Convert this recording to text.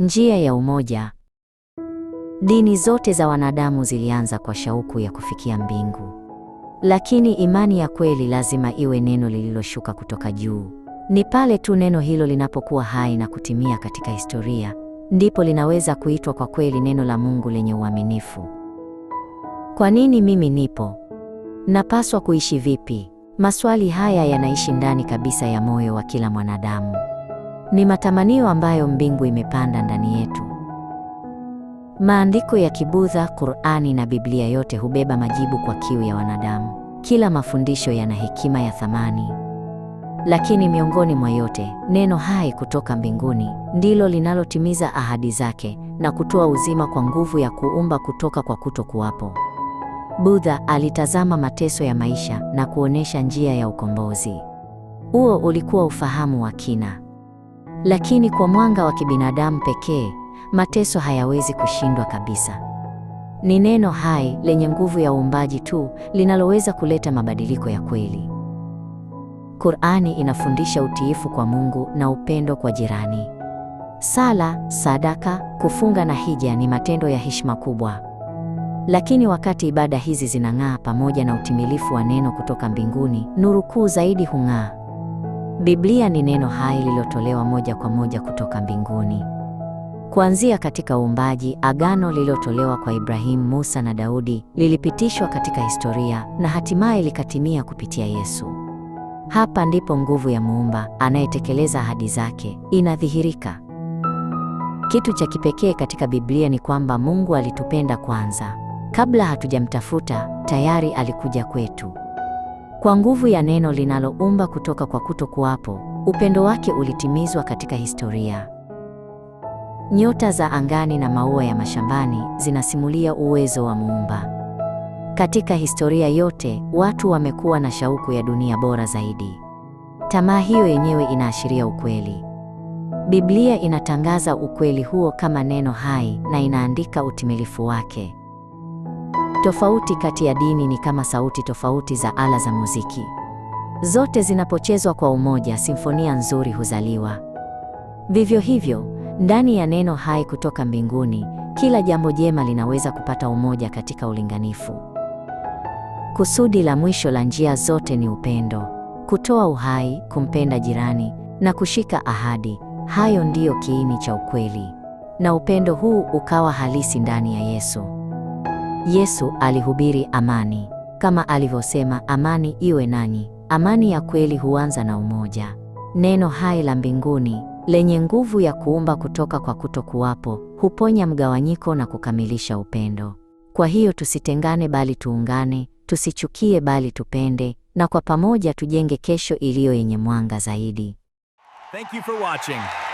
Njia ya umoja. Dini zote za wanadamu zilianza kwa shauku ya kufikia mbingu, lakini imani ya kweli lazima iwe neno lililoshuka kutoka juu. Ni pale tu neno hilo linapokuwa hai na kutimia katika historia, ndipo linaweza kuitwa kwa kweli neno la Mungu lenye uaminifu. Kwa nini mimi nipo? Napaswa kuishi vipi? Maswali haya yanaishi ndani kabisa ya moyo wa kila mwanadamu ni matamanio ambayo mbingu imepanda ndani yetu. Maandiko ya Kibudha, Qur'ani na Biblia yote hubeba majibu kwa kiu ya wanadamu. Kila mafundisho yana hekima ya thamani, lakini miongoni mwa yote, neno hai kutoka mbinguni ndilo linalotimiza ahadi zake na kutoa uzima kwa nguvu ya kuumba kutoka kwa kutokuwapo. Budha alitazama mateso ya maisha na kuonesha njia ya ukombozi. Huo ulikuwa ufahamu wa kina. Lakini kwa mwanga wa kibinadamu pekee, mateso hayawezi kushindwa kabisa. Ni neno hai lenye nguvu ya uumbaji tu linaloweza kuleta mabadiliko ya kweli. Qur'ani inafundisha utiifu kwa Mungu na upendo kwa jirani. Sala, sadaka, kufunga na hija ni matendo ya heshima kubwa. Lakini wakati ibada hizi zinang'aa pamoja na utimilifu wa neno kutoka mbinguni, nuru kuu zaidi hung'aa. Biblia ni neno hai lililotolewa moja kwa moja kutoka mbinguni. Kuanzia katika uumbaji, agano lililotolewa kwa Ibrahimu, Musa na Daudi lilipitishwa katika historia na hatimaye likatimia kupitia Yesu. Hapa ndipo nguvu ya muumba anayetekeleza ahadi zake inadhihirika. Kitu cha kipekee katika Biblia ni kwamba Mungu alitupenda kwanza. Kabla hatujamtafuta, tayari alikuja kwetu. Kwa nguvu ya neno linaloumba kutoka kwa kutokuwapo, upendo wake ulitimizwa katika historia. Nyota za angani na maua ya mashambani zinasimulia uwezo wa Muumba. Katika historia yote, watu wamekuwa na shauku ya dunia bora zaidi. Tamaa hiyo yenyewe inaashiria ukweli. Biblia inatangaza ukweli huo kama neno hai na inaandika utimilifu wake. Tofauti kati ya dini ni kama sauti tofauti za ala za muziki. Zote zinapochezwa kwa umoja, simfonia nzuri huzaliwa. Vivyo hivyo, ndani ya neno hai kutoka mbinguni, kila jambo jema linaweza kupata umoja katika ulinganifu. Kusudi la mwisho la njia zote ni upendo, kutoa uhai, kumpenda jirani na kushika ahadi. Hayo ndiyo kiini cha ukweli, na upendo huu ukawa halisi ndani ya Yesu. Yesu alihubiri amani, kama alivyosema, amani iwe nanyi. Amani ya kweli huanza na umoja. Neno hai la mbinguni lenye nguvu ya kuumba kutoka kwa kutokuwapo huponya mgawanyiko na kukamilisha upendo. Kwa hiyo tusitengane, bali tuungane, tusichukie, bali tupende, na kwa pamoja tujenge kesho iliyo yenye mwanga zaidi. Thank you for watching.